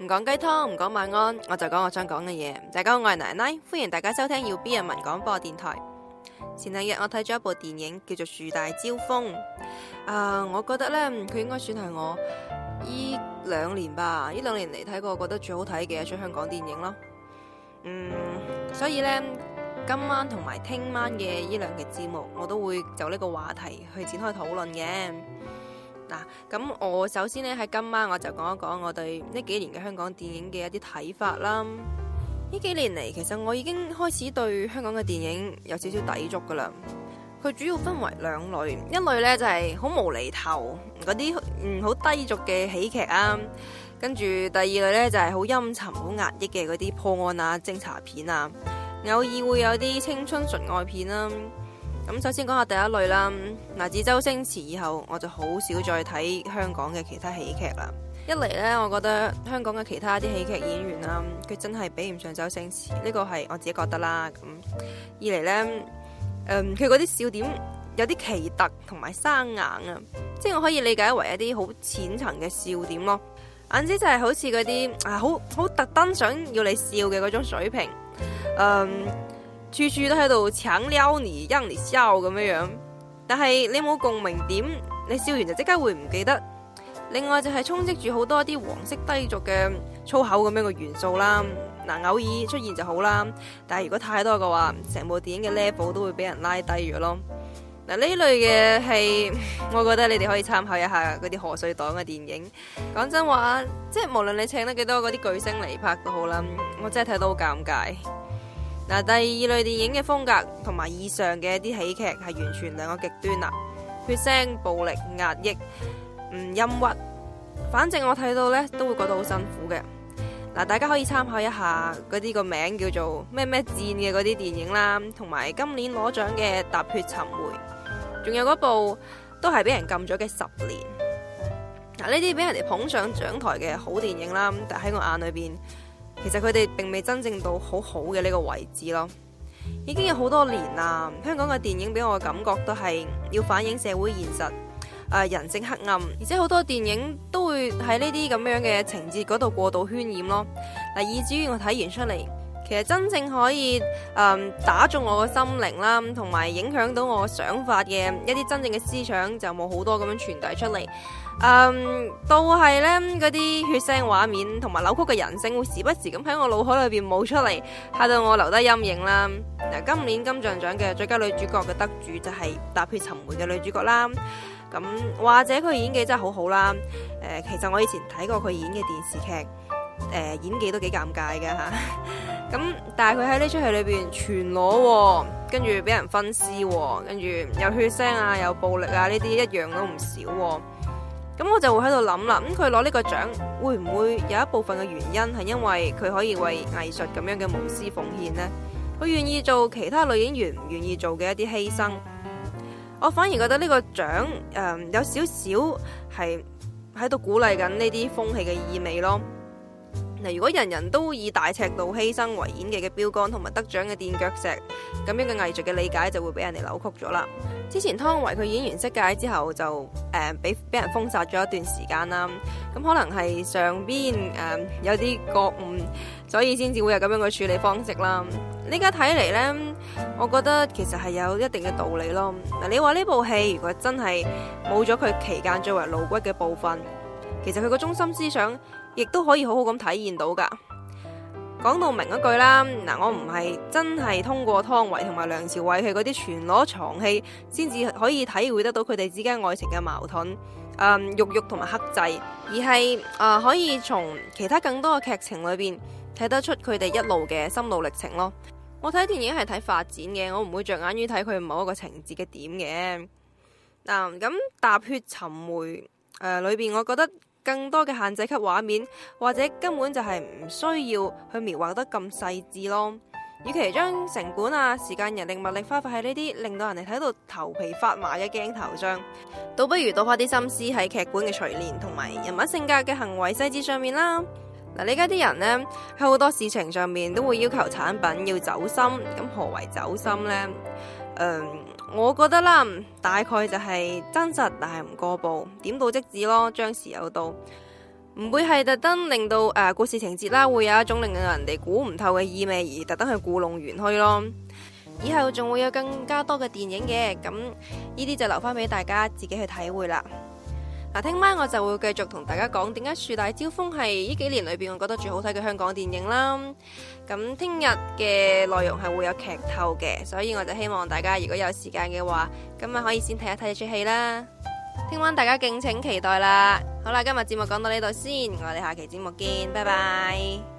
唔講雞湯，唔講晚安，我就講我想講嘅嘢。大家好，我係奶奶，歡迎大家收聽要 B 人民廣播電台。前兩日我睇咗一部電影，叫做《樹大招風》。啊、呃，我覺得呢，佢應該算係我依兩年吧，依兩年嚟睇過，覺得最好睇嘅一出香港電影咯。嗯，所以呢，今晚同埋聽晚嘅呢兩期節目，我都會就呢個話題去展開討論嘅。嗱，咁我首先呢，喺今晚我就講一講我對呢幾年嘅香港電影嘅一啲睇法啦。呢幾年嚟，其實我已經開始對香港嘅電影有少少抵觸噶啦。佢主要分為兩類，一類呢就係、是、好無厘頭嗰啲，嗯，好低俗嘅喜劇啊。跟住第二類呢，就係好陰沉、好壓抑嘅嗰啲破案啊、偵查片啊，偶爾會有啲青春純愛片啊。咁首先講下第一類啦，嗱，自周星馳以後，我就好少再睇香港嘅其他喜劇啦。一嚟呢，我覺得香港嘅其他啲喜劇演員啦，啊，佢真係比唔上周星馳，呢個係我自己覺得啦。咁二嚟呢，佢嗰啲笑點有啲奇特同埋生硬啊，即係我可以理解為一啲好淺層嘅笑點咯。總之就係好似嗰啲啊，好好特登想要你笑嘅嗰種水平，嗯處處都喺度搶撩你，讓你笑咁樣樣，但係你冇共鳴點，你笑完就即刻會唔記得。另外就係充斥住好多啲黃色低俗嘅粗口咁樣嘅元素啦，嗱、呃、偶爾出現就好啦，但係如果太多嘅話，成部電影嘅 level 都會俾人拉低咗咯。嗱、呃、呢類嘅係，我覺得你哋可以參考一下嗰啲賀歲檔嘅電影。講真話，即係無論你請得幾多嗰啲巨星嚟拍都好啦，我真係睇到好尷尬。嗱，第二類電影嘅風格同埋以，以上嘅一啲喜劇係完全兩個極端啦，血腥、暴力、壓抑、唔陰鬱，反正我睇到呢都會覺得好辛苦嘅。嗱，大家可以參考一下嗰啲個名叫做咩咩戰嘅嗰啲電影啦，同埋今年攞獎嘅《踏血尋梅》，仲有嗰部都係俾人禁咗嘅《十年》。嗱，呢啲俾人哋捧上獎台嘅好電影啦，但喺我眼裏邊。其實佢哋並未真正到好好嘅呢個位置咯，已經有好多年啦。香港嘅電影俾我嘅感覺都係要反映社會現實，誒、呃、人性黑暗，而且好多電影都會喺呢啲咁樣嘅情節嗰度過度渲染咯。嗱，以至於我睇完出嚟。其實真正可以誒、呃、打中我個心靈啦，同埋影響到我想法嘅一啲真正嘅思想就冇好多咁樣傳遞出嚟。嗯、呃，都係咧嗰啲血腥畫面同埋扭曲嘅人性會時不時咁喺我腦海裏邊冒出嚟，嚇到我留低陰影啦。嗱、呃，今年金像獎嘅最佳女主角嘅得主就係《踏血尋梅》嘅女主角啦。咁、呃、或者佢演技真係好好啦。誒、呃，其實我以前睇過佢演嘅電視劇，誒、呃，演技都幾尷尬噶吓。呵呵咁，但係佢喺呢齣戲裏邊全裸，跟住俾人分屍，跟住有血腥啊，有暴力啊，呢啲一樣都唔少，啊。咁我就會喺度諗啦，咁佢攞呢個獎，會唔會有一部分嘅原因係因為佢可以為藝術咁樣嘅無私奉獻呢？佢願意做其他女演員唔願意做嘅一啲犧牲，我反而覺得呢個獎誒、呃、有少少係喺度鼓勵緊呢啲風氣嘅意味咯。嗱，如果人人都以大尺度犧牲為演技嘅標杆同埋得獎嘅墊腳石，咁樣嘅藝術嘅理解就會俾人哋扭曲咗啦。之前湯唯佢演完色戒之後就誒俾俾人封殺咗一段時間啦。咁可能係上邊誒、呃、有啲覺悟，所以先至會有咁樣嘅處理方式啦。呢家睇嚟呢，我覺得其實係有一定嘅道理咯。嗱，你話呢部戲如果真係冇咗佢期間最為露骨嘅部分，其實佢個中心思想。亦都可以好好咁體驗到噶。講到明一句啦，嗱，我唔係真係通過湯唯同埋梁朝偉佢嗰啲全裸床戲，先至可以體會得到佢哋之間愛情嘅矛盾、誒肉欲同埋克制，而係誒、呃、可以從其他更多嘅劇情裏邊睇得出佢哋一路嘅心路歷程咯。我睇電影係睇發展嘅，我唔會着眼於睇佢某一個情節嘅點嘅。嗱、嗯，咁踏血尋梅誒裏邊，我覺得。更多嘅限制級畫面，或者根本就係唔需要去描畫得咁細緻咯。與其將城管啊、時間、人力、物力花費喺呢啲令到人哋睇到頭皮發麻嘅鏡頭上，倒不如多花啲心思喺劇本嘅錘煉同埋人物性格嘅行為細節上面啦。嗱，而家啲人呢，喺好多事情上面都會要求產品要走心，咁何為走心呢？嗯。我覺得啦，大概就係真實，但係唔過步，點到即止咯，張弛有度，唔會係特登令到誒、呃、故事情節啦，會有一種令到人哋估唔透嘅意味，而特登去故弄玄虛咯。以後仲會有更加多嘅電影嘅，咁呢啲就留翻俾大家自己去體會啦。嗱，聽晚我就會繼續同大家講點解《樹大招風》係呢幾年裏邊我覺得最好睇嘅香港電影啦。咁聽日嘅內容係會有劇透嘅，所以我就希望大家如果有時間嘅話，今晚可以先睇一睇一出戲啦。聽晚大家敬請期待啦。好啦，今日節目講到呢度先，我哋下期節目見，拜拜。